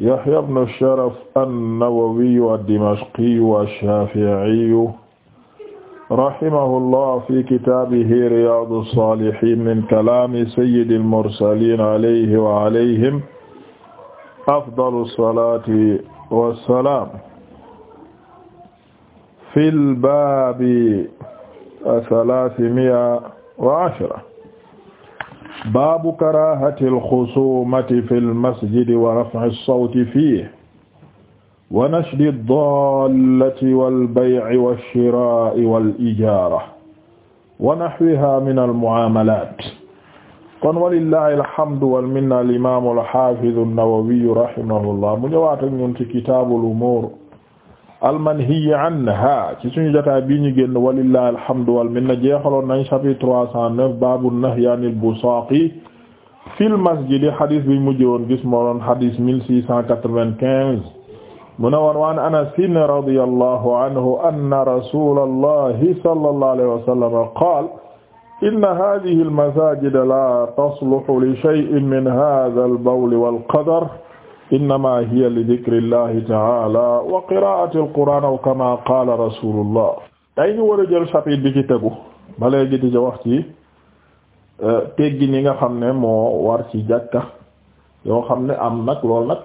Yahya ibn Sharaf an-Nawawiyu ad-Dimashqiyu ash-Shafi'iyu rahimahullah fi kitaabihi Riyaadu s-Saalihiin min kalaami sayyidil mursaliin alayhi wa alayhim afdalu s-salaati wa s-salaam fil baabi ath-thalaathamiyya wa ashara baabu karaahati alxusumati fi almasjidi wa raf'i sawti fiihi wa nashdi daallati walbay'i washiraa'i walijaara wa nahwihaa min almu'aamalaat kon walillahi alhamdu walminna alimaamu alxaafidu annawawiyu rahimahullah mu ñëwaat ak ñun ci kitaabul umuur almanhiyi anha ci suñu jotaay bii ñu génn walillahi alhamdu wal minna jeexaloon nañ chapitre trois cent neuf babu nahyi anil busaaqi fil masjidi hadis bi mujj woon gis moo doon hadis mille six cent quatre-vingt-quinze mu ne woon waan anasin radiyallahu anhu anna rasulallahi sallallahu alayhi wa sallam qaala inna hadhihi almasajida la tasluhu li shay'in min hadha albawli walqadar ma hiya li dikrillahi taala wa qiraati alquran aw kama qaala rasulullah tey ñu war a jël chapitre bi ci tegu ba léegi di wax ci euh, teggi ñi nga xam ne moo war ci jàkka yoo xam ne am nag lool nag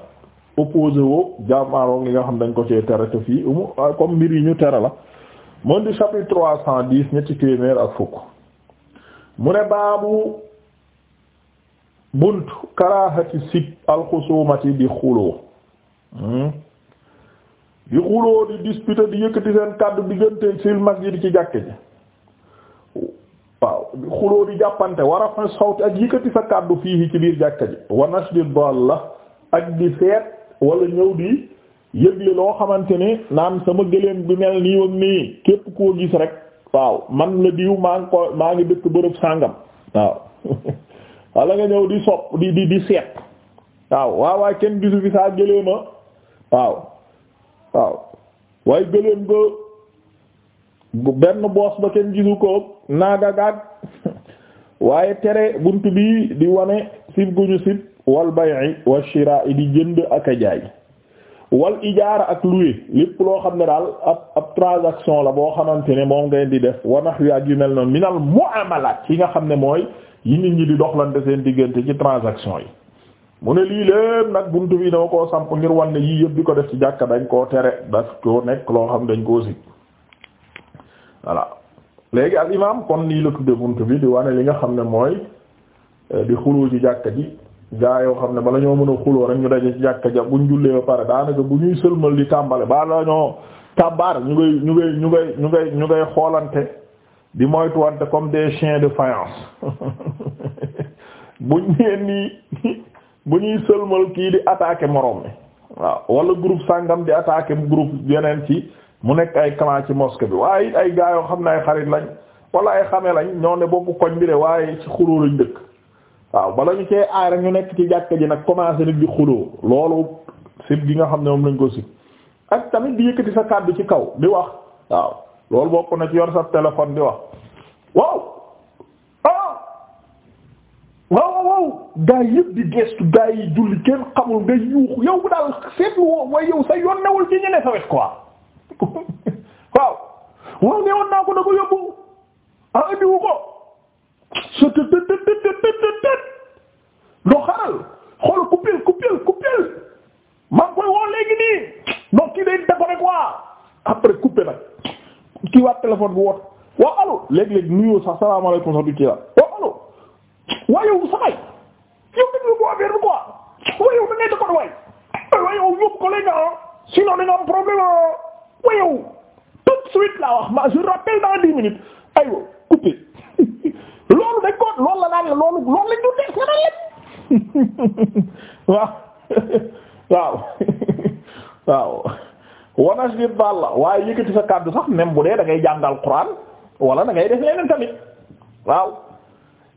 opposé woo jaamaaroog li nga xam dañ ko cee tere te fii euh, comme mbir yi ñu tere la moom di chapitre trois cent dix ñetti téeméer ak fukk mu ne baabu bunt karaahati sib alxusumati di xuloo hmm? di xuloo di disputer di yëkkati seen kàddu diggante fil masjid ci jàkke ji waaw di xuloo di jàppante war a fa sawti ak yëkkati sa kàddu fii ci biir jàkke ji wa nashdi dalla ak di feet wala ñëw di yëgle loo xamante ni naan sama gëléem bi mel nii ak nii képp koo gis rek waaw man la diw maa ngi ko maa ngi dëkk bërëb sàngam waaw wala nga ñëw di sopp di di di seet waaw waaw waaye kenn gisu fi saa gëléema waaw waaw waaye gëléem ko benn boos ba kenn gisu ko naagagaag waaye tere bunt bi di wane sib guñu sib wal bay'i wa shiraa'i di jënd ak a jaay wal ijaara ak louer lépp loo xam ne daal ab ab transaction la boo xamante ne moom ngay di def wa nahwi ak yu mel noonu minal mu'amalat yi nga xam ne mooy yi nit ñi di doxlante seen diggante ci transaction yi mu ne lii lépp nag bunt bi dama koo samp ngir wan ne yii yëpp di ko def ci jàkka dañ koo tere daf koo nekk loo xam ne dañ koo si voilà léegi al imam kon nii la tudde bunt bi di wane li nga xam ne mooy eh, di xuloo ci jàkka ji gaa yoo xam ne bala ñoo mën a xuloo rek ñu daje ci jàkka ja buñ jullee ba pare daanaka bu ñuy sëlmal di tàmbale ba la ñoo tàbbaar ñu ngay ñu ngay ñu ngay ñu ngay ñu ngay xoolante di moytuwante comme des chiens de faïence buñ ñeen nii bu ñuy sëlmal kii di attaquer moroom mi waaw wala groupe sàngam di attaquer groupe yeneen ci mu nekk ay clan ci mosquée bi waaye it ay gaa xam naa ay xarit lañ wala ay xame lañ ñoo ne bokk koñ bi de waaye ci xuloo lañ dëkk waaw bala ñu cee aar ñu nekk ci jàkka ji nag commencé nit di xuloo loolu sib gi nga xam ne moom lañ ko sib ak tamit di yëkkati sa kàddu ci kaw di wax waaw lool bokk na yor sa téléphone di wax waaw ah waaw waaw gaa yi yëpp di gestu gaa yi julli kenn xamul nga yuuxu yow daal seetlu woo waaye yow sa yoon newul ci ñeneen sa wet quoi waaw waaw ne woon naa ko da ko yóbbu ah indiwu ko sa të të të të të të të lu xaral xool coupeel coupeel coupeel maa ngi koy woo léegi nii donc kii day décorer quoi après coupé kiiwaat téléphone bi woote waaw allo léeg-léeg nuyoo sax salaamaaleykum sax du kiiwaat waaw allo waaye wu sa waay yow dañu la ko affaire bi quoi waaye yow da ngay defoon waay waaye yow yóbbu ko léegi ah sinon da nga am problème ah waaye yow tout de suite laa wax ma je rappelle dans dix minutes aywa coupé loolu dañ ko loolu la daan la loolu loolu lañ doon def nga daan waaw waaw waaw. wanas bi baal la waaye yëkkati sa kàddu sax même bu dee da ngay jàngal Qur'an wala da ngay def leneen tamit waaw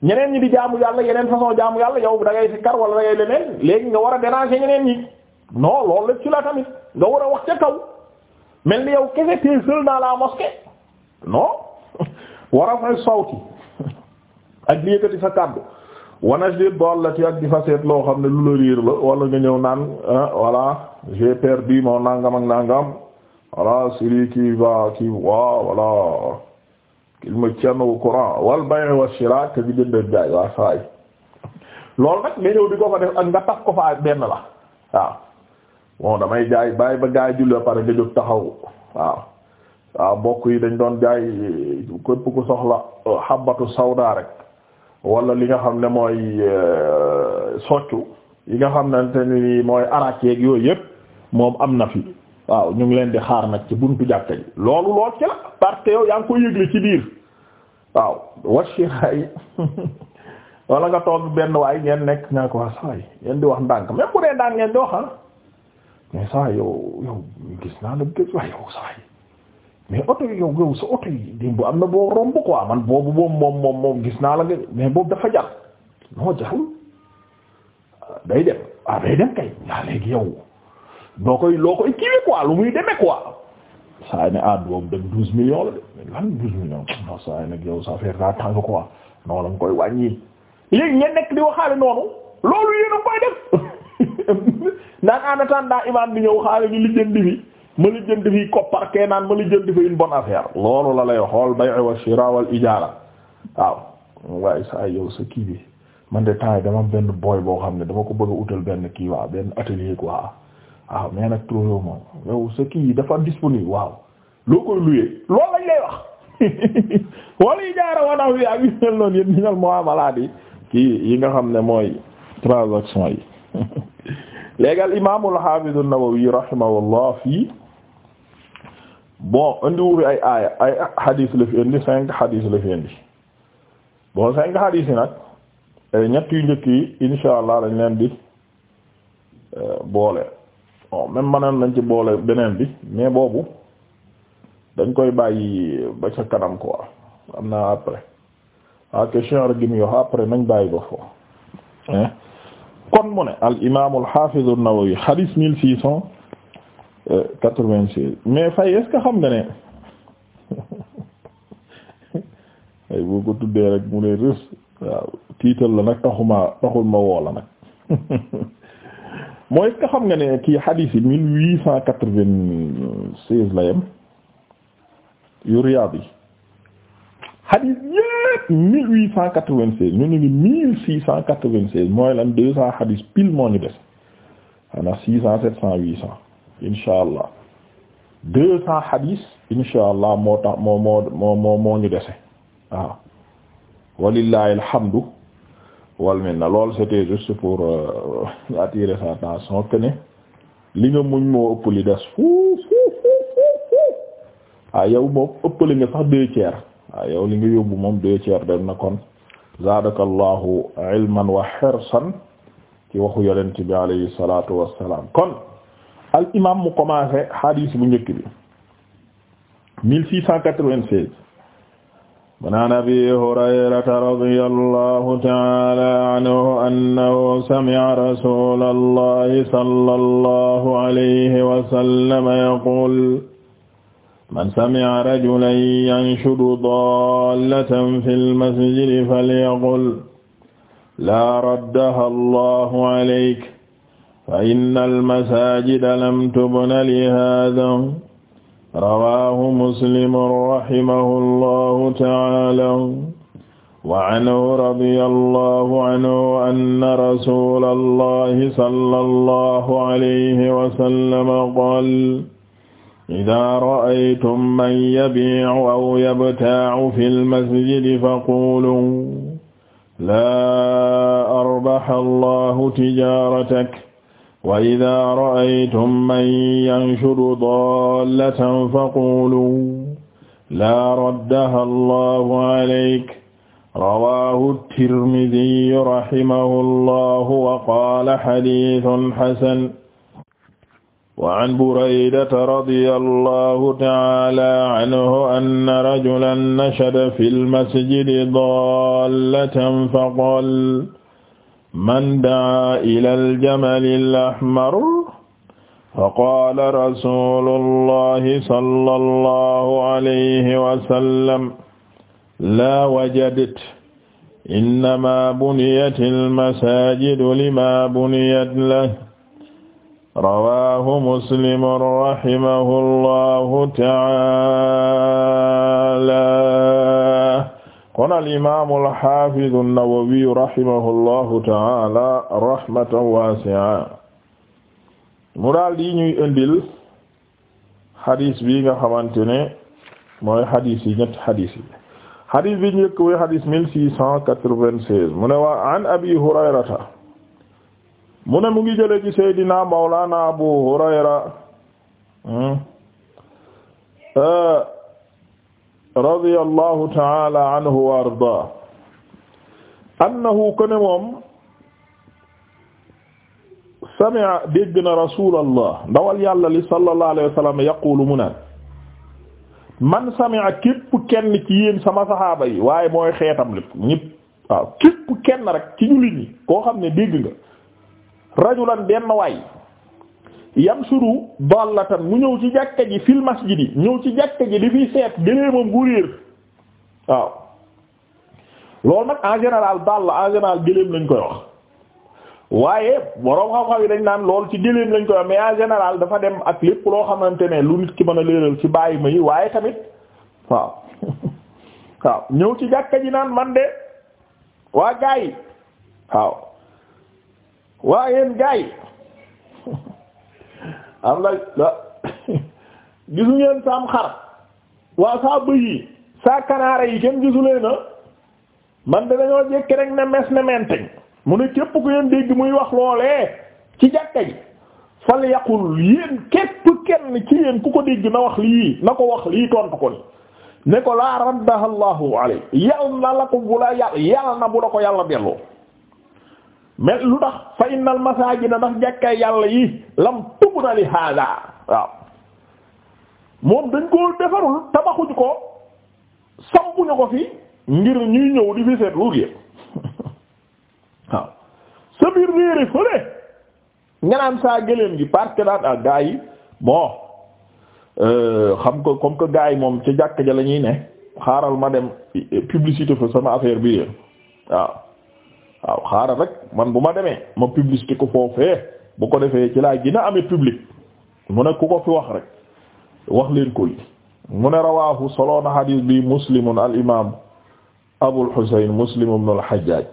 ñeneen ñi di jaamu yàlla yeneen façon jaamu yàlla yow dangay ngay sikkar wala da leneen léegi nga war a déranger ñeneen ñi non loolu la ci la tamit nga war a wax ca kaw mel ni yow kese tey seul dans laa mosquée non war a fay sawti ak di yëkkati sa kàddu wanas bi baal la ci ak di fa seet loo xam ne lu la riir la wala nga ñëw naan ah, voilà. j'ai perdu moo nangam ak nangam voilà celui qui va qui voit voilà qu'il me au courant wal bay' wa shira te di jënd jaay waa saay loolu nag nga ñëw di ko fa def nga tax ko fa benn la waaw moo damay jaay bàyyi ba gaa julli ba pare nga jóg taxaw waaw waaw mbokk yi dañ doon jaay képp ku soxla euh, xabatu sawda rek wala li nga xam ne mooy euh, soccu yi nga xam ne ni mooy araak yeeg yooyu yépp moom am na fi waaw ñu ngi leen di xaar nag ci buntu jàkka ji loolu lool ci la parce que yaa ngi koy yëgle ci biir waaw washira yi wala nga toog benn waay ngeen nekk nga ko waa ah, saay ngeen di wax ndànk même bu ngeen di wax ah mais saa gis naa la gis waaye yow saay mais oto yi yow yow sa oto yi démb am na boo romb quoi man boobu moom moom moom gis naa la nga mais boobu dafa jar non jarul ah, day dem ah day dem kay yaa léegi yow doo koy loo koy kiiwee quoi lu muy demee quoi. saa yi ne ah boobu dem douze millions la de lan douze millions non saa yi nag yow sa affaire daa tàng quoi non la nga koy wàññi. léegi ngeen nekk di waxaale noonu loolu yéen a koy def naan en attendant imaam bi ñëw xaale ñu lijjanti fi ma lijjanti fi koppar kee naan ma lijjanti fi une bonne affaire. loolu la lay xool bay'i wa shira wal ijaara waaw waaye saa yow sa kii bi man de temps boo xam ne dama ko bëgg a utal benn kii waa benn atelier quoi. waaw ah, mais nag trouvé wu moom yow sa kii yi dafa disponible waaw loo koy luyee loolu lañ lay wax wala yi jaara wanaw wi ak yu mel noonu yéen ñinal muamalaat yi kii yi nga xam ne mooy transaction yi léegi al imaam al haafiz an-Nawawi rahimahullah fii bon indiwu fi ay aaya ay hadith la fi indi cinq hadith la fi indi bon cinq hadith nag ñett yu njëkk yi insha dañ leen di euh, boole bon même mënoon nañ ci boole beneen bi mais boobu dañ koy bàyyi ba ca kanam quoi am na après waa ah, question gi mu yox après nañ bàyyi ba foofu kon mu ne al imaam al haafiz an-Nawawi hadith mille cent euh, mais fay est-ce xam nga ne ay boo ko tuddee rek mu ne rës waaw tiital la nag taxuma taxul ma woo la nag mooy ka xam nga ne kii xadiis yi mille huit cent quatre-vingt-seize la yem yu Riyaad yi xadiis yépp mille huit cent quatre-vingt-seize ñu ne ni mille six cent quatre-vingt-seize mooy lan deux cent xadiis pile moo ñu des xanaa six cent allah deux allah moo tax moo dese waaw walillahi alhamdu wal minna lool c'était juste pour euh, attirer sa attention que ne li nga muñ moo ëpp des fuuf fuuf fuuf ah yow moom ëpp nga sax deux tiers ah yow li nga yóbbu moom deux tiers na kon zaadakallahu ilman wa hirsan ci waxu yonent bi alayhi salatu kon al imam mu commencé hadith bu njëkk bi an abi hurayrata radiyallahu ta'ala anhu annahu sami'a rasulallahi sallallahu alayhi wa sallam yaqul man sami'a rajulan yanshudu daallatan fil masjidi falyaqul laa raddaha allahu alayka fa innal masaajida lam tubna li haadha rawaahu muslimun rahimahullahu ta'ala wa anhu radiyallahu anhu anna rasulallahi sallallahu alayhi wa sallam qaala idaa ra'aytum man yabii'u aw yabtaa'u fil masjidi faquluu laa arbaha allahu tijaaratak wa idaa ra'aytum man yanshudu daallatan faquluu laa raddaha allaahu alayk rawaahu tirmidiyu rahimahu allahu wa qaala hadiisun hasan wa an buraydata radiya allahu ta'aala anhu anna rajulan nashada fil masjidi daallatan faqaala man daa ilal jamalil ahmar faqaala rasulullahi sallallahu alayhi wa sallam laa wajadat innamaa buniyatil masaajidu limaa buniyat lahu rawaahu muslimun rahimahullahu ta'aala kon al imaam al haafiz an-Nawawi rahimahullahu ta'ala rahmatan mu daal di indil xadis bi nga xamante ne mooy xadis yi ñetti xadis yi njëkk wi xadis mu ne waa abi hurayrata mu ne mu ngi jële ci seydina mawlana abu hurayra hmm? euh, radiyallahu ta'ala anhu wa ardaa annahu kaana moom sami'a dégg na rasulallah ndawal yàlla li sallallahu alayhi wa sallam yaqulu mu man sami'a képp kenn ci yéen sama saxaaba yi waaye mooy xeetam lépp ñëpp waaw képp kenn rek ci ñu li ñi koo xam ne dégg nga rajulan benn waay suru yansuru dallatan mu ñëw ci jàkka ji fil masjidi ñëw ci jàkka ji di fiy seet gëléemam gu réer waaw loolu nag en général dall en général gëléem lañ koy wax waaye boroom xam-xam yi dañ naan lool ci gëléem lañ koy wax mais en général dafa dem ak lépp loo xamante ne lu nit ki mën a léeral ci bàyyi ma yi waaye tamit waaw waaw ñëw ci jàkka ji naan man de waa gaa yi waaw waa yéen am lay la gisu ngeen saam xar waaw saa bëy yi saa kanaara yi kenn gisulee man de dañoo jékki rek ne mes ne menteñ mu ne képp ku yeen dégg muy wax loolee ci jàkka ji fal yaqul yéen képp kenn ci yéen ku ko dégg na wax lii na ko wax lii tontu ko ni ne ko laa raddaha allahu alay yal na la ko bu la yàlla yal na bu la ko yàlla delloo mais lu tax fa innal na ndax jàkkaay yàlla yi lam tubna li hada waaw moom dañ koo defarul tabaxuñu ko sampuñu ko fi ngir ñuy ñëw di fi seet lu gi waaw sa biir réere fële nga saa gëléem gi parce que daan ah gaa yi bon euh, xam ko comme que gaa yi moom ci jàkk ja lañuy ne xaaral ma dem publicité fa sama affaire bi réer waaw waaw xaaral rek man bu ma demee ma publicité ko foofee bu ko defee ci laa gën a amee public mu ne ku ko fi wax rek wax leen ko li mu ne rawaahu solo na xadiis bi muslimun al imaam abul xuseyn muslim ibn al xajjaaj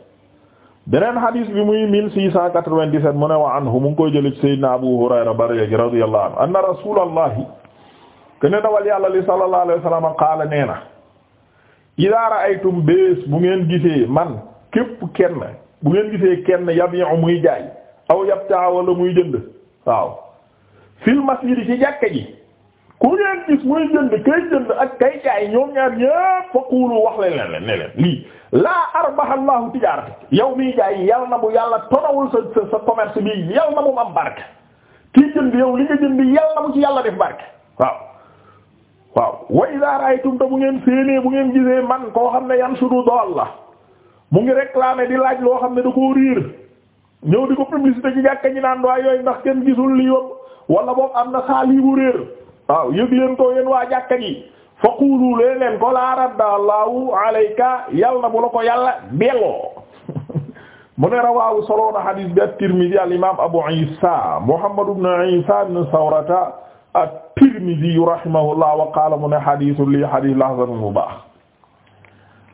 beneen xadiis bi muy 1697 mu ne wa anhu mu ngi koy jëlee sayyidina abu hurayra bareegi radiyallahu anhu anna rasulallahi kene dawal yàlla li sallallahu alayhi wa sallam qaala nee na idaa ra'aytum bés bu ngeen gisee man képp kenn bu ngeen gisee kenn yabi'u muy jaay aw yabtaa wala muy jënd waaw fil masjid ci jàkka ji ku ngeen gis muy jënd kay jënd ak kay jaay ñoom ñaar ñépp faqulu wax leen leen ne leen lii laa arbaha allahu tijaarati yow miy jaay yal na bu yàlla tonawul sa sa sa commerce bi yal na mu am barke kii jënd yow li nga jënd yal na mu ci yàlla def barke waaw waaw wa idaa ra'aytum bu ngeen séenée bu ngeen gisee man koo xam ne yan sudu doo la mu ngi réclamer di laaj loo xam ne da ko riir ñëw di ko publicité ci jàkka ñi naan waaye yooyu ndax kenn gisul li yóbbu wala boobu am na xaalis bu réer waaw ko yéen waa jàkka ji faqulu leen leen ko laa radda allahu alayka yal na bu ko yàlla delloo mu ne rawaawu soloona hadis bi at-Tirmidhi al imam Abu Isa Muhammad ibn Isa ibn Sawrata at-Tirmidhi rahimahullah wa qaala mu ne hadis lii hadis la baax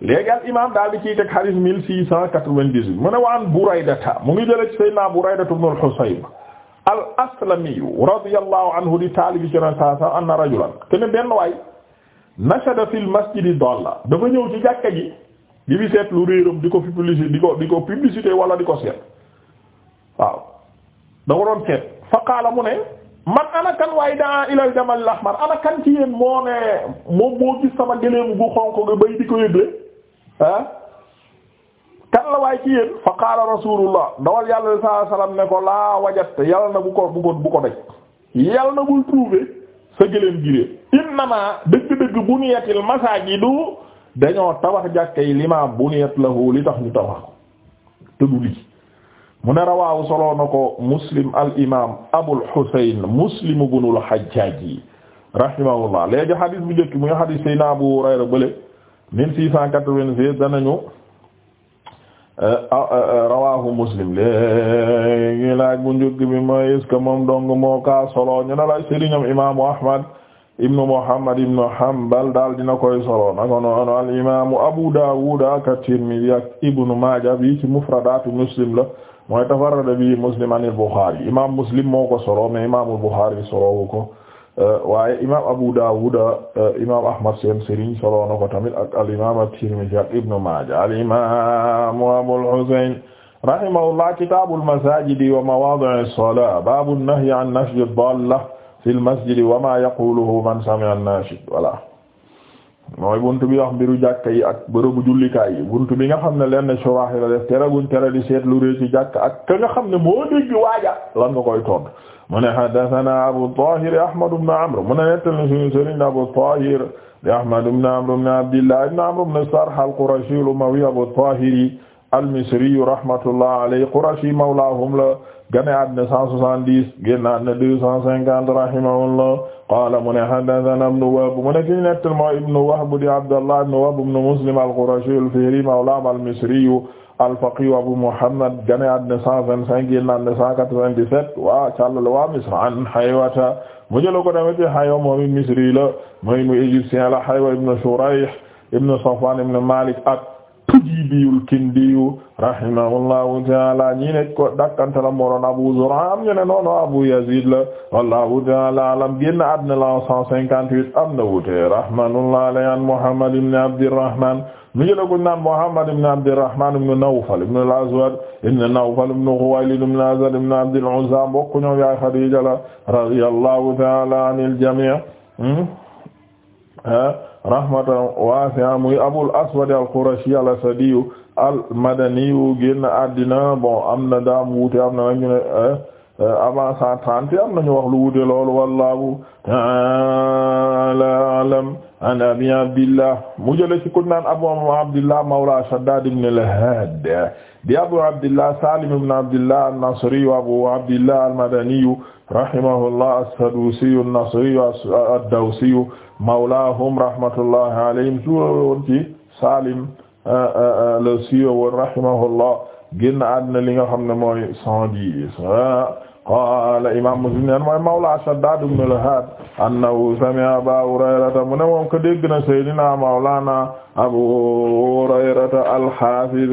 léegi al imaam daal di ciy teg xadis mille six cent quatre-vingt-dix-huit mu ne waan Buraydata mu ngi jëlee ci Seydina Buraydata ibn al-Husayb al aslami radiyallahu anhu di taalibi ci ren saa saa anna rajulan te ne benn waay nashada fil masjidi dalla dafa ñëw ci jàkka ji di fi seet lu réeram di ko publicité di ko di ko publicité wala di ko seet waaw da ko doon seet fa qaala mu ne man ana kan waaye daa ilal jamal al ahmar ana kan ci yéen moo ne moom moo gis sama gëléem gu xonq gi bay di ko yëgle. ah kan la waaye ci yéen fa qaala rasulullah dawal yàlla de saa salaam ne ko laa wajat yàlla na bu ko bu ko bu ko daj yàlla na bul trouver sa gëléem girée innama dëgg-dëgg buniyatil masaajidu dañoo tabax jàkke yi buniyat lahu li tax ñu tabax ko te du lii mu ne rawaawu soloo na ko muslim al imam abul husayn muslim ibnul hajjaaj yi rahimahullah léegi xadis bu njëkk muy xadis sayna abu hurayra bële mille six cent quatre danañu euh, euh, euh, rawahu muslim léegi laaj bu njëkk bi mooy est moom dong moo ka solo ñu ne imaamu ahmad ibnu muhammad ibnu hanbal daal dina koy solo naka noonu al imaamu abu daawud ak tirmidhi ak ibnu maaja bi mufradatu muslim la mooy tafarrada bi muslim an al imaam muslim moo ko solo mais imaamul buxaari solowu ko Euh, waaye imaam Abu Dawud euh, imaam Ahmad seen sëriñ solo na ko tamit ak al imaam at-Tirmidhi ak Ibn Maaja al imaam Abul Husayn rahimahullah kitaabul masaajidi wa mawaadi'is salaa baabun nahyi an nashdi ad-daalla fil masjidi wa maa yaquluhu man sami'a an-naashid voilà mooy buntu bi wax mbiru jàkka yi ak bërëbu jullikaay yi buntu bi nga xam ne lenn suraax yi la def tere guñ tere di seet lu rëy ci jàkka ak ka nga xam ne moo dégg waaja lan nga koy todd mu ne haddathana Abu Tahir Ahmad ibn Amr mu ne nettali suñu sëriñ Abu Tahir di Ahmad ibn Amr ibn Abdillah ibn Amr ibn Sarh al-Qurashi al-Umawi Abu Tahir al-Misri rahmatullah alayhi Qurashi mawlahum la gane àddina 170 génn àddina 250 qaala mu ne haddathana ibnu Wahb mu ne ki ñu nettal moo ibnu Wahb di Abdallah ibnu Wahb ibnu Muslim al-Qurashi al-Fihri mawlaahum al-Misri al-faqih Abu Muhammad gane àddina 125 génn àddina 197 waa càll la waa Misr an Haywata mu jël ko tamit Haywa moom Misri la mooy mu égyptien la Haywa ibnu Shurayh ibnu Safwan ibnu Malik ak Dibiyu Kindiyu rahimahullahu ta'ala ñi ne ko dakkanta la moroon Abu Zur'a am ñu ne noonu Abu Yazid la wallahu ta'ala alam génn àddina la 158 am na wuute rahmatullahi alayhi an Muhammad ibn Abdirrahman mi ngi la ko naan Muhammad ibn Abdirrahman ibn Nawfal ibn al-Aswad ibn Nawfal ibn Khuwaylid ibn Asad ibn Abd al-Uzza mbokk ñoom yaay Khadija la radiyallahu ta'ala anil jami' hmm? Ah rahmatan wasi'a muy Aswad al-Qurashi al-Asadi al-Madani génn àddina bon am na daam wuute am na ñu ne ah, ah, avant am nañu wax lu wuute loolu wallahu ta'ala a'lam an Abi Abdillah mu ci ku Abu Abdillah mawla Shaddad ibn al-Had bi Abu Abdillah Salim ibn Abdillah an-Nasri Abu Abdillah al-Madani rahimahullah as-Sadusi an-Nasri ad-Dawsi mawlaahum rahmatullahi alayhim suwoon ci Salim euh, euh, euh, le siiwo e woon rahimahullah génn àddina li nga xam ne mooy cent dix qaala imaam Muslim nen mooy mawla Shaddaad ibn al-Haad annahu sami'a Abaa Hurayrata mu ne moom ko dégg na Seydina Mawlaana Abuu Hurayrata al-Haafiz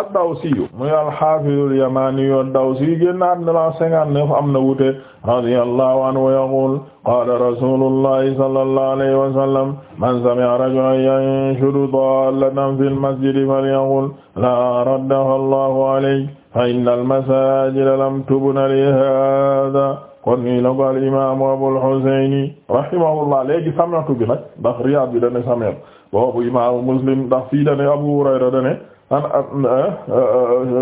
ad-Dawsi muy al-Haafiz al-Yamaani ad-Dawsi génn na la cinquante-neuf am na wuute radiyallahu anhu yaquul qaala rasuulullahi sallallahu alayhi wa sallam man sami'a rajulan yanshudu daallatan fil masjidi falyaquul laa raddaha Allahu alayhi fa inna al-masaajida lam tubna li haadaa kon nii la ko al-imaam Abul Husayn rahimahullah léegi samatu bi nag ndax Riyaad bi dane samet boobu imaamu Muslim ndax fii dane Abu Hurayra dane an eh, eh,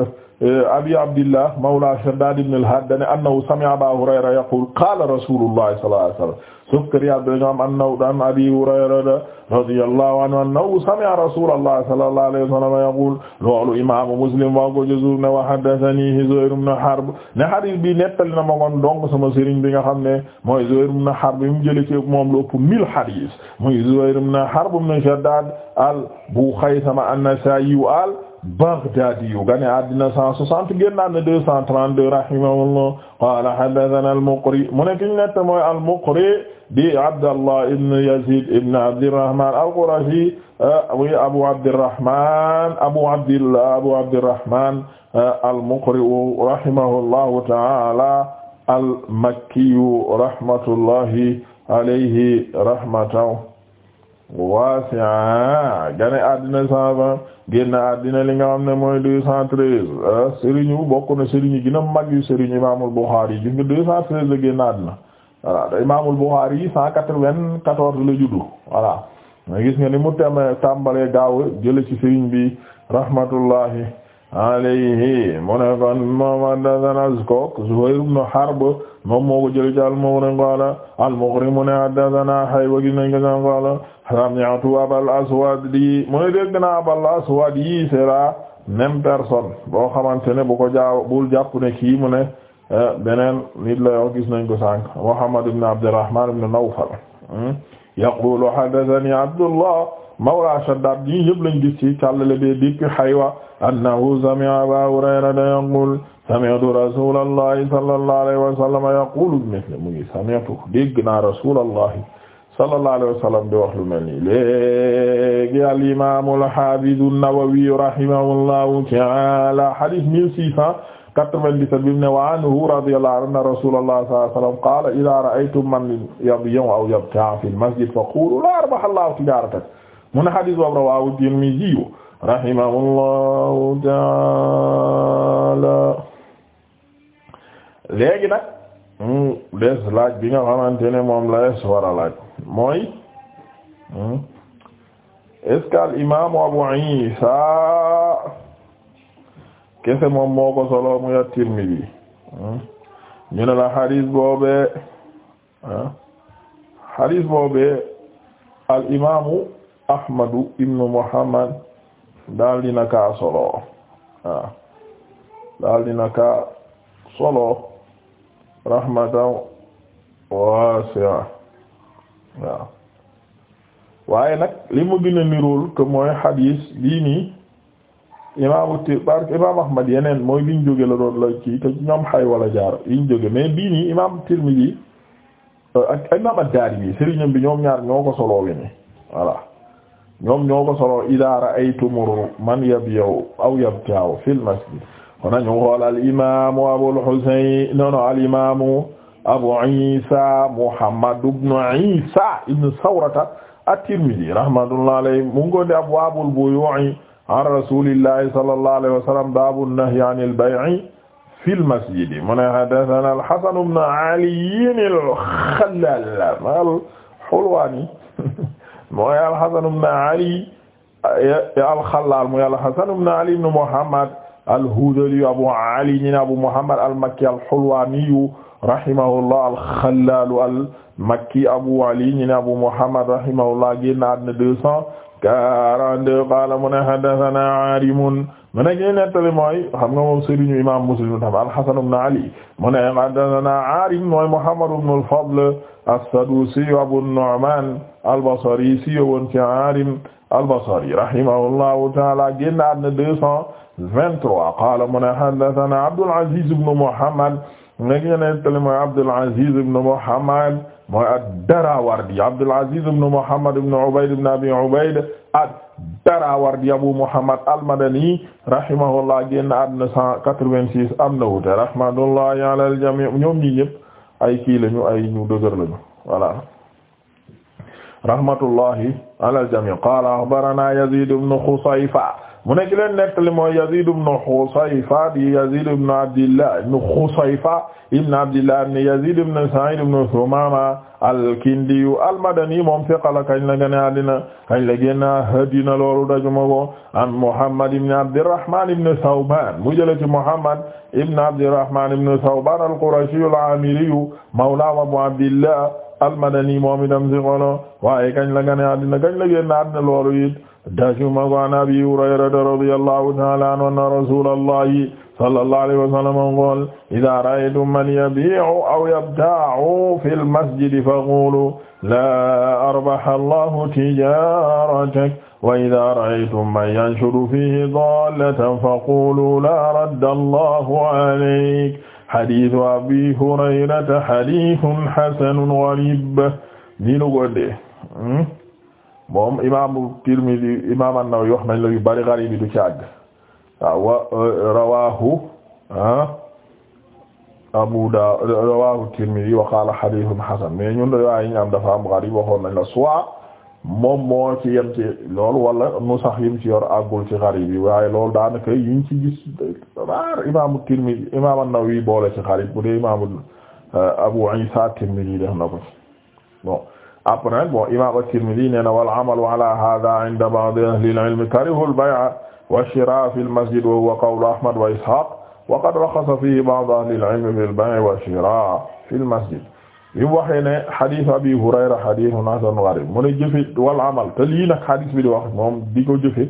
eh, Euh, abi abdillah mawla shaddad ibn al-hadd dane annahu sami'a aba hurayra yaqul qala rasulullah sallallahu alayhi wasallam sauf que riwayat dañu am annahu an abi hurayra radiyallahu anhu annahu sami'a rasulullah sallallahu alayhi wasallam yaqul loolu imamu muslim wa ko juzur ne wa haddathani zuhair ibn harb ne hadith bi nettali na ma kon donc sama sëriñ bi nga xam ne mooy zuhair ibn harb bi mu jële ci moom lu ëpp mille hadith mooy zuhair ibn harb ibn shaddad al-bu khaysama an-nasa'i al Baghdadi yu gane àddina 160 génn na 232 rahimahullah qala haddathana al-Muqri mu ne ki ñu nett mooy al-Muqri di Abdallah ibn Yazid ibn Abdirrahman al-Qurashi ah, muy Abu Abdirrahman Abu Abdillah Abu Abdirrahman ah, al-Muqri rahimahullahu ta'ala al-Makki rahmatullahi alayhi rahmatan wasi'a gane addina cent vingt génn addina li nga xam ne mooy deux cent treize euh, sëriñu bokk na sëriñu gën a mag yu sëriñu Imaamul Buxaari yi gis nga deux cent treize la génn addina voilà te Imaamul cent quatre-vingt-quatorze la juddu voilà mais gis nga ni mu teme tàmbalee gaaw jële ci sëriñ bi rahmatullahi alayhi mu ne kon moom haddathana Azkok Zuhayr ibn Harb moom moo ko jële ci al-Mughri qaala al-Mughri mu ne haddathana Haywa gis sami'tu Abal Aswad di mu ne dégg naa Abal Aswad yi c'est la même personne boo xamante ne bu ko jaaw bul jàpp ne kii mu ne eh, beneen nit la yoo gis nañ ko sànq Muhammad ibn Abdurrahman ibn Nawfal hmm? yaqulu haddathani Abdullah mawla Shaddad yi yëpp lañ gis ci càllale bee dikk Haywa annahu sami'a Aba Hurayrata yaqul sami'tu rasulallahi sallallahu alayhi wa sallam yaqulu mu ngi sami'tu dégg naa rasulallahi sallallahu alayhi wa sallam di wax lu mel nii léegi al imaamu al xaafidu Nawawi rahimahullahu ta'ala hadith mille six cent quatre-vingt-dix-sept bi mu ne wa anhu radiyallahu anhu rasulallah sallallahu alayhi wa sallam qaala idaa ra'aytum man yabiyyu aw yabtaa'u fil masjid faquulu laa arbaha Allahu tijaaratakum mu ne hadith boobu rawaahu Tirmizi rahimahullahu ta'ala léegi nag mu des laaj bi nga xamante ne moom la es war a laaj mooy hmm, est-ce que al imaamu Abu Isa kese moom moo ko solo muy at-Tirmidhi hmm, ñu ne la hadith boobee hadith hmm, boobee al imaamu Ahmadu ibnu Muhammad daal dina kaa solo waaw daal dina kaa solo rahmatan wasi'a waaye nag li mu gën a nirool que mooy xadiis bii nii imaamu ti parce imaam Ahmad yeneen mooy biñ jóge la doon la kii te ñoom xay wala jaar yiñ jóge mais bii nii imaam Tirmidhi euh, ak imaam ad-Daarimi sëriñam bi ñoom ñaar ñoo ko soloo wi ni voilà ñoom ñoo ko soloo idaa ra'aytumur man yabi'u aw yabta'u fil masjid kon ñu xool al imaamu Abul Husayn non non al imaamu Abu Isa Muhammad ibn Isa ibn Sawrata at-Tirmidhi rahmatullahi alayhi mu ngi ko di abwaabul buyu'i an rasulillahi sallallahu alayhi wa sallam baabu nahyi anil bay'i fil masjid mu ne haddathana al-Hasan ibn Ali al-Khallal al-Hulwani mooy al-Hasan ibn Ali al-Khallal mooy al-Hasan ibn Ali ibn Muhammad al-Hudhali abu Ali ñi ne abu Muhammad al-Makki al-Hulwani rahimahullah al-Khallal al-Makki abu Ali ñi ne abu Muhammad rahimahullah génn àddina deux cent quarante-deux qaala mu ne haddathana Arim mu ne ñu nettali mooy xam nga moom sëriñu imam Muslim tam al-Hasan ibn Ali mu ne haddathana Arim mooy Muhammad ibn al-Fadl as-Sadusi abu Nu'man al-Basri si woon ci Arim al-Basri rahimahullahu ta'ala génn àddina deux cent 23 qaala mu ne haddathana Abdul Aziz ibn Muhammad nag ñu nettali mooy Abdul Aziz ibn Muhammad mooy ad-Darawardi Abdul Aziz ibn Muhammad ibn Ubayd ibn Abi Ubayd ad-Darawardi Abu Muhammad al-Madani rahimahullah génn àdduna 186 am na wuute rahmatullahi ala al-jami' ñoom ñi ñëpp ay kii lañu ay ñu dëgër lañu voilà rahmatullahi ala al-jami' qaala akhbarana Yazid ibn Khusayfa mu ne ki leen nettali mooy Yazid ibn Khusayfa di Yazid ibn Abdillah ibn Khusayfa ibn Abdillah ibn Yazid ibn Sa'id ibn Thumama al-Kindi al-Madani moom fiqala kañ la gane àddina kañ la génn àddina loolu dajuma ko an Muhammad ibn Abdirrahman ibn Thawban mu jële ci Muhammad ibn Abdirrahman ibn Thawban al-Qurashi al-Amiri mawla Abu Abdillah al-Madani moom itam si xolo waaye kañ la gane àddina kañ la génn àddina loolu it dajuma ko an abi hurayrata radiyallahu ta'ala anhu anna rasulallahi sallallahu alayhi wa sallam qala idha ra'aytum man yabi'u aw yabta'u fil masjidi faqulu la arbaha allahu tijaratak wa idha ra'aytum man yanshudu fihi dallatan faqulu la radda allahu alayk hadithu abi hurayrata hadithun hasanun gharib moom imaamu Tirmidi imaam An-Nawawi wax nañ la yu bari gari bi du ci àgg waaw wa rawaahu ah Abu Daawud rawaahu Tirmidi wa qaala hadiisun hasan mais ñun riwaaya yi ñu am dafa am gari waxoon nañ la soit moom moo ci yem ci loolu wala nu sax yim ci yor àggul ci gari bi waaye loolu daanaka yiñ ci gis raar imaamu Tirmidi imaam An-Nawawi boole ci gari bu dee imaamu euh, Abu Iisa Tirmidi def na ko bon. après bon imam at-Tirmidhi nee na wal amalu ala hadha inda ba'd ahli al-ilm karihu al-bay'a wa shira' fi al-masjid wa huwa qawlu Ahmad wa Ishaq wa qad rakhasa fihi ba'd ahli al-ilm fi al-bay'i wa shira' fi al-masjid bi mu waxee ne hadith Abi Hurayra hadithun hasan gharib mu ne jëfe wal amal te lii nag hadith bi di wax moom di ko jëfe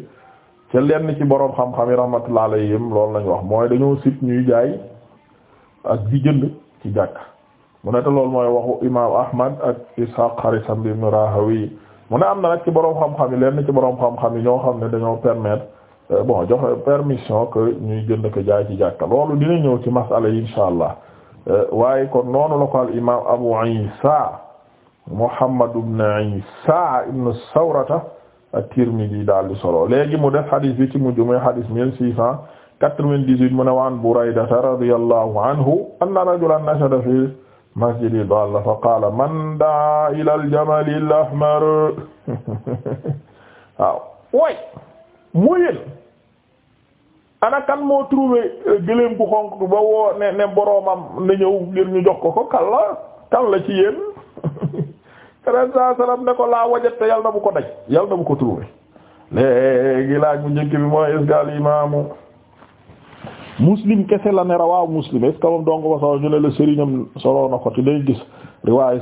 te lenn ci boroom xam-xam yi rahmatullahi alayhim loolu lañ wax mooy dañoo sit ñuy jaay ak di jënd ci jàkka mu ne te loolu mooy waxu imam ahmad ak ishaq xarisam bi ibn rahawi mu ne am na nag ci boroom xam-xam yi leen ci boroom xam-xam yi ñoo xam ne dañoo permettre euh, bon joxe permission que ñuy jënd ko jaay ci jàkka loolu dina ñëw ci masala yi insha allah euh, waaye kon noonu la ko al imam abu isa muhammad ibn isa ibn sawrata at-tirmidhi daal di solo léegi mu def hadith bi ci mujj muy hadith mille six cent mu ne waan buraydata radiyallahu anhu anna rajulan nashada fi masjidi dalla fa qaala man daa ila aljamali ahmar waaw way mu yéen ana kan moo trouvé euh, gëléem bu xonk ba woo ne ne boroomam na ñëw jox ko ko kan la kan la ci yéen karen salam ne ko laa wajat te yàlla na bu ko daj yàlla na bu ko trouvé laaj mu njëkk bi mooy isgal muslim kese la ne rawaaw muslim est-ce que moom dong ko solo ñu ne la sëriñam solo na ko te day gis riwaayu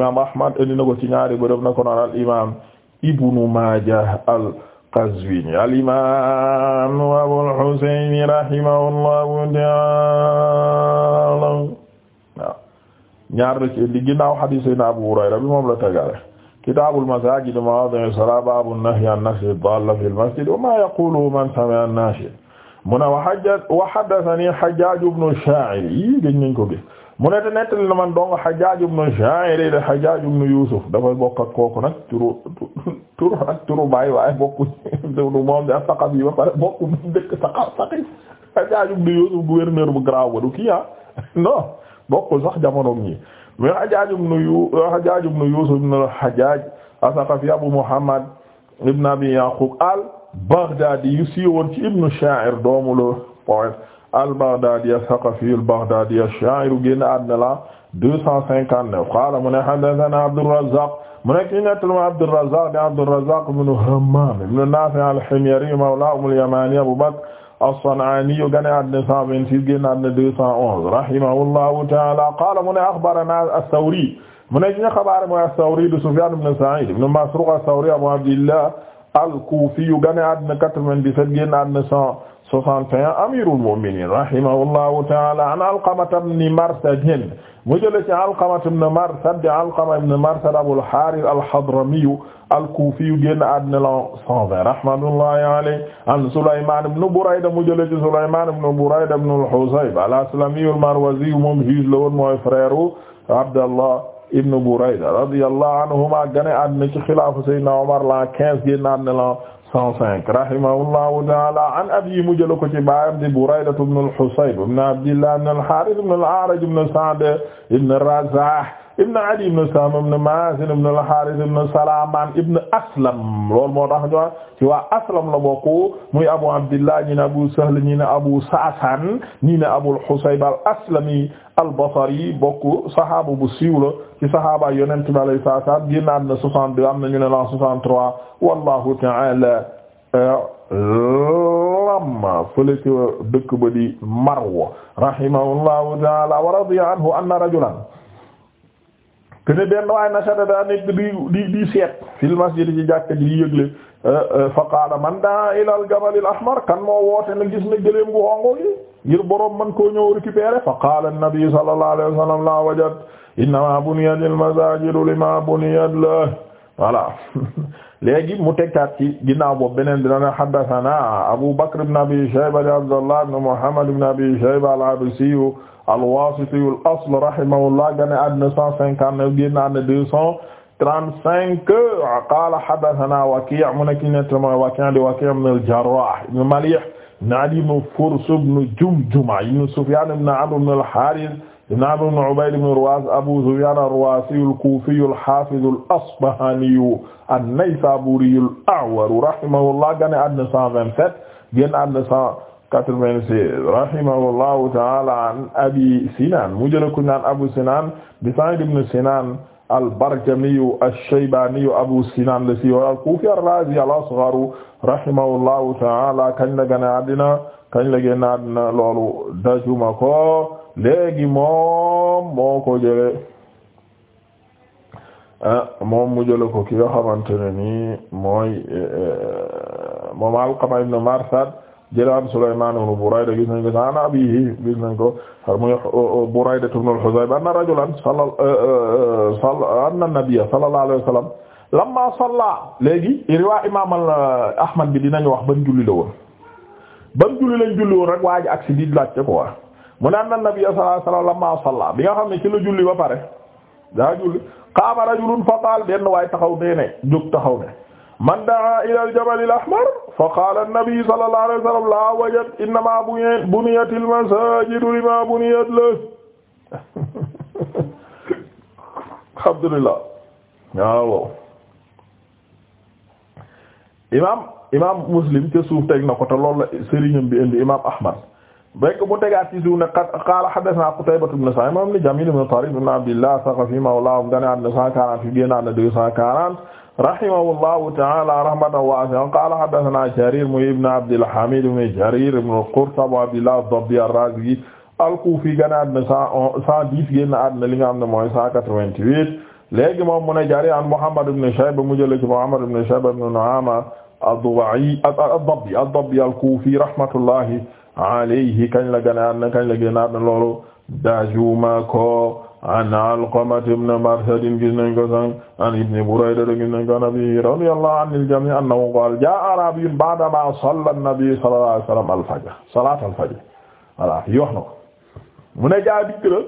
Ahmad indi ko ci ñaari bërëb na ko noon al imaam Ibnu al Qazwini al imaam Abul Husayn rahimahullahu ta'ala waaw ñaar la ci indi ginnaaw hadiis na Abu Hurayra bi moom la tagare kitaabul masaajid mawaaḍi'u salaat baabun nahyi an nashri masjid wa maa yaquluhu man sami'a an-naashid mu ne wa hajja wa haddathani Hajjaj ibn nañ ko gis mu ne te nettali na man dong Hajjaj ibn Sha'ir yi de Hajjaj ibn Yusuf dafay bokk ak kooku nag turu turu ak turu a waaye bokk moom Saqafi yi ba Yusuf gouverneur bu garaaw ba du kii ah non bokkul sax jamono ñi mais Hajjaj ibn Yu Hajjaj ibn Yusuf ibn al-Hajjaj as-Saqafi Abu Muhammad ibn Abi Yaqub al Baghdadi yu siiwoon ci ibnu sha'ir doomu la poète al-Baghdadi as-Saqafi al-Baghdadi ash-sha'ir génn àddina la deux cent cinquante-neuf qaala mu ne haddathana Abdurrazzaq mu nekk ñu nettali ma Abdurrazzaq di Abdurrazzaq ibn Hammam ibn Nafi' al-Himyari mawla Umm al-Yamani Abu Bakr as-San'ani yu génn àddina cent vingt-six génn àddina deux cent onze rahimahullahu ta'ala qaala mu ne akhbarana as-Sawri mu nekk ñu xabaar mooy as-Sawri du Sufyan ibn Sa'id ibn Masruq as-Sawri Abu Abdillah al-Kufi yu gane àddina 97 génn àddina 161 amirul mu'minin rahimahullahu ta'ala an Alqama ibn Marsad mu jëlee ci Alqama ibn Marsad di Alqama ibn Marsad Abul Harith al-Hadrami al-Kufi yu génn àddina la 120 rahmatullahi alayhi an Sulayman ibn Burayda mu jëlee ci Sulayman ibn Burayda ibn al-Husayb al-Aslami al-Marwazi moom juge la woon mooy frère Abdallah ibnu Burayda radiyallahu anhuma gane àddina ci xilaafu Seydina Omar la 15 génn àddina la 105 rahimahullahu ta'ala an abiihi mu jël ko ci baayam di Burayda ibnu al-Husayb ibnu Abdillah ibnu al-Haaris ibnu al-A'raj ibnu Sa'd ibnu Razaah ibn Adi ibn Sam ibn Mazin ibn al-Harith ibn Salaman ibn Aslam loolu moo tax ñu ci waa Aslam la bokk muy Abu Abdillah ñi ne Abu Sahl ñi ne Abu Sa'san ñi ne Abu al-Husayb al-Aslami al-Basri bokk saxaabu bu siiw la ci saxaaba Yonent bi alayhi salaam génnaat na 62 am na ñu ne la 63 wallahu ta'ala lam fële ca dëkk ba di Marwa rahimahullahu ta'ala wa radiya anhu anna rajulan que ne benn waaye nasada daa nekk di di di seet fil masjid ci jàkka ji di yëgle eh, eh, fa qaala man daa ila al jabal al ahmar kan moo woote na gis na gëléem gu xongo gi ngir borom man koo ñëw récupérer fa qaala an-nabi sallallahu alayhi wa sallam la wajad innama buniyat al masajid lima la voilà léegi mu tekkaat ci ginnaaw boobu beneen bi dana haddathana Abu Bakr ibn Abi Shayba di Abdullah ibn Muhammad ibn Abi Shayba al-Absi al-Wasiti al-asl rahimahullah gane àddina cent cinquante-neuf génn àddina deux cent trente-cinq qala haddathana Waki' mu nekk ñett mooy Waki' di Waki' ibn al-Jarrah ibn Malih ibn Ali ibn Furs ibn Jumjuma ibn Sufyan ibn Amr ibn al-Harith ibn Amr ibn Ubayd ibn Ruwaas Abu Sufyaan ar-Ruwaasiyu al-Kuufiyu al-Haafizu al-Asbahaaniyu an-Naysaabuuriyu al-A'war rahimahullah gane àddina 127 génn àddina 186 rahimahullahu ta'aala an Abi Sinaan mu jël ko naan Abu Sinaan di Sa'iid ibn Sinaan al-Barjamiyu ash-Shaybaaniyu Abu Sinaan la siiwal al-Kuufi ar-Raazi al-Asghar rahimahullahu ta'aala kañ la gane àddina kañ la génn àddina loolu dajuma ko léegi moom moo ko jële ah, moom mu jële ko ki nga xamante ne nii mooy eh, eh, moom Alqama ibn Marsad jële an Sulaymaan ibn Burayda gis nañ ko sa an abiihi gis nañ ko muy eh, Burayda ibn al anna rajulan anna nabiyya sallallahu alayhi wa sallam lamma salla léegi riwaa imaam Ahmad bi dinañ wax ban julli la ban julli lañ julli woon rek waa ji aksi di laajte quoi mu ne anna nabiyya sallallahu alayhi wa sallam bi nga xam ne ci julli ba pare daa julli qaama rajulun fa qaal benn waay taxaw nee ne jóg taxaw ne man daa ila al-jabal al-ahmar fa qaala an-nabi sallallahu alayhi wa sallam laa wajad innama buniyat al alhamdulillah waaw imaam imaam Muslim te suuf teg ko te loolu la sëriñam bi indi imaam Ahmad rek mu tegaat ci suuf ne qaala haddasanaa Qutaybatu ibn Sa'iid moom ni Jamiil ibn Tariif ibn Abdillah Saqafi mawlaahum gane àddina 148 génn àddina 240 rahimahullahu ta'aala rahmatan waasi'atan qaala haddasanaa Jariir muy ibn Abdil Hamiid ibn Jariir ibn al-Qurt Abu Abdillah ad-Dabbi ar-Raazigi al-Kuufi gane àddina 110 génn àddina li nga xam ne mooy 188 léegi moom mu ne Jariir an Muhammad ibn Shayba mu jël ci Muhammad ibn Shayba ibn Nu'aama ad-Duba'i ad-Dabbi ad-Dabbi al-Kuufi rahmatullahi alayhi kañ la ganaar na kañ la ganaar na loolu dajuma ko an Alqamah ibn Marsad gis nañ ko sànq an Ibn Burayda gis nañ ko nabi radiyallahu anil jami' annahu qaala jaa'a arabiyyun ba'dama salla an-nabi sallallahu alayhi sallam al-fajr salaat al-fajr voilà fii wax mu ne jaa dikk la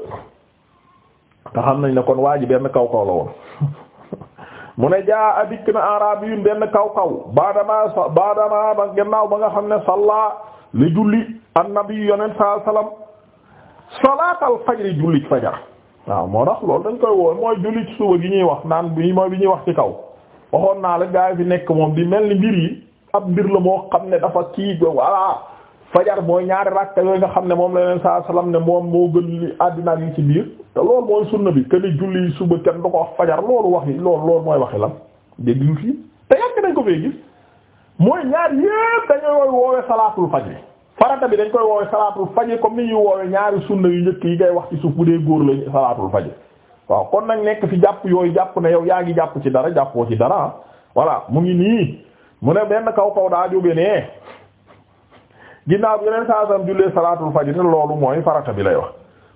te xam nañ ne kon waa ji benn kaw kaw mu ne jaa a dikk na benn kaw kaw ba'dama ba'dama ba gannaaw ba ne salla li julli annabi yonent saa salaam salaatal fajri julli fajar waaw moo tax loolu dañ koy woo mooy julli ci suba gi ñuy wax naan bi mooy bi ñuy wax ci kaw waxoon naa la gaa yi fi nekk moom di mel ni mbir yi ab mbir la moo xam ne dafa kii voilà fajar mooy ñaari rakka yooyu nga xam ne moom la yonent saa salaam ne moom moo gën li àddina yi ci biir te loolu mooy sunna bi que ni julli suba kenn du ko wax fajar loolu wax yi loolu loolu mooy waxi la dégg nga fii te mooy ñaar yépp dañu koy woowe salaatul fajr farata bi dañ koy woowe salaatul fajr comme ni ñuy woowe ñaari sunna yu njëkk yi ngay wax ci suuf bu dee góor la salaatul fajr waaw kon nag nekk fi jàpp yooyu jàpp na yow yaa ngi jàpp ci dara jàppoo ci dara voilà mu ngi nii mu ne benn kaw kaw daa jóge ne ginnaaw bi yeneen saa sam jullee salaatul fajr te loolu mooy farata bi lay wax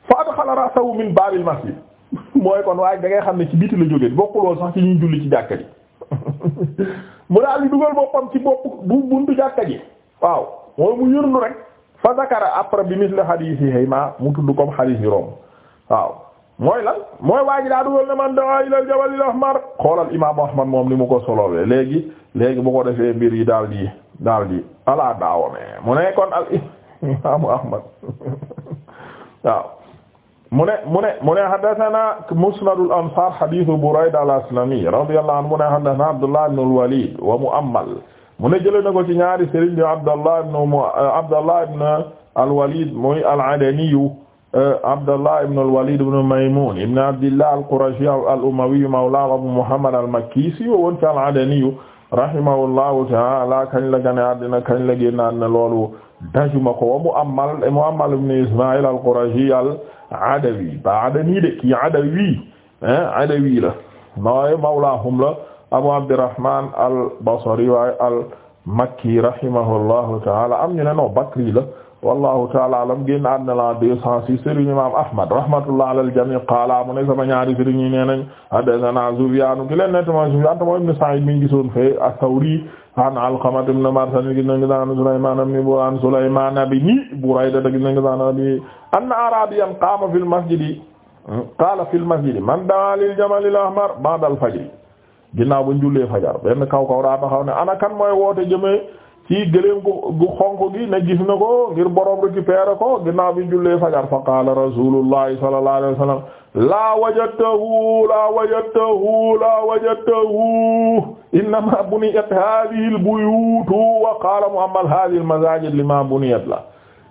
fa adxala ra'sahu min baabil masjid mooy kon waaye da xam ne ci biti la jóge bokkul woon sax jàkka mu daal di dugal boppam ci bopp bu buntu jàkka ji waaw mooy mu yërnu rek fa zakara après bi misle hadis yi ma mu tudd comme hadis yi romb waaw mooy lan mooy waa ji daa dugal ne man daa ilal jabalil ahmar xoolal imaamu ahmad moom ni mu ko solowee léegi léegi bu ko defee mbir yi daal di daal di alaa daawame mu ne kon al imaamu ahmad waaw mu ne mu ne mu ne haddathana musnadul ansaar hadithu Burayda al-Aslami radiyallahu anhu mu ne haddathana Abdullah ibn al-Walid wa Mu'ammal mu ne jëlee na ko ci ñaari sëriñ bi Abdallah ibn eh, Abdallah ibn al-Walid muy al-Adani eh, Abdallah ibn al-Walid ibn Maymun ibn Abdillah al-Qurashi al-Umawi mawla Abu Muhammad al-Makki si woon ci al-Adani rahimahullahu ta'ala kañ la gane àddina kañ la génn àddina loolu dajuma ko wa Mu'ammal Mu'ammal ibn Isma'il al-Qurashi al-Adawi ba Adani de kii Adawi Adawi la nooy mawlaahum la Abu Abdurrahman al-Basri wa al-Makki rahimahullahu ta'ala am ñu ne noo Bakri la wallahu taala alam génn àddina la deux cent six sëriñ imam ahmad rahmatullah ala aljami qaala mu ne sama ñaari sëriñ ñi nee nañ hadathana Sufyaan ki leen netama Sufyaan tamo ibn Sa'iid mi ngi gisoon fe as-Sawri an Alqama ibn Marsan gis nañ ngisaan Sulaymaan ibn Buraan Sulaymaan ibn Burayda gis nañ anna arabiyan qaama fil masjidi qaala fil masjidi man daa lil ahmar ba'da al fajr ginnaaw jullee fajar benn kaw kaw daa ana kan mooy woote jëmee ki gëléem gu gu xonq gi ne gis na ko ngir borom récupéré ko ginnaaw bi jullee fajar fa qaala rasulullahi sallallahu alayhi wa sallam laa wajadtahu laa wajadtahu laa wajadtahu buniyat hadhihi al wa qaala mu amal hadhihi al-masajid lima buniyat la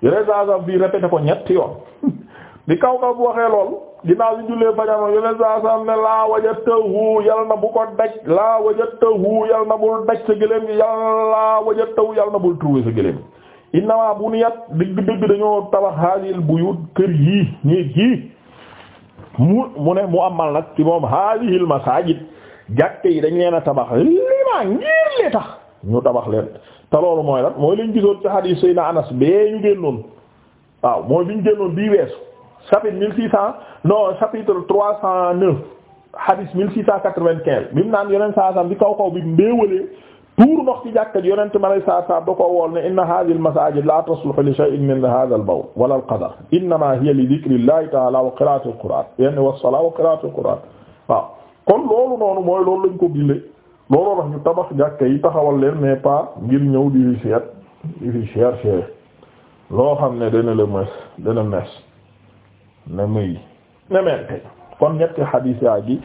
yore saa saa bii ko ñetti yoon di kaw kaw bu ginnaaw bi jullee fajama yoneen saa saam ne laa wajatahu yal na bu ko daj laa wajatahu yal na bul daj sa gëléem gi yal laa wajatahu yal na bul trouvé sa gëléem gi innamaa buniyat dëgg dëgg dañoo tabax haadil buyut kër yii néeg yii mu mu ne mu amal nag ci moom haadihil masaajid jàkke yi dañ leen a tabax limaa ngir li tax ñu tabax leen te loolu mooy la mooy lañ gisoon ci hadiis Seydina Anas bee ñu génnoon waaw mooy bi ñu génnoon bii weesu chapitre mille six cent non chapitre trois cent neuf hadis mille six cent quatre-vingt-quinze bi mu naan yonent saa saam bi kaw kaw bi mbéewalee tuur ndox ci jàkka ji yonent ma lay saa saam da ko wool ne inna hadhihi al masajid la tasluhu li shay'in min hadha al bawl wala al qadar innama hiya li dhikri llahi ta'ala wa qira'ati al qur'an yani wa salat wa qira'ati al qur'an waaw kon loolu noonu mooy loolu lañ ko bindee looloo tax ñu tabax jàkka yi taxawal leen mais pas ngir ñëw di fi seet di fi chercher loo xam ne dana la mes dana mes na muy nemeen kon ñetti xadiis yaa gi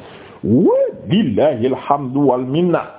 wa lillahi alhamdu wal minna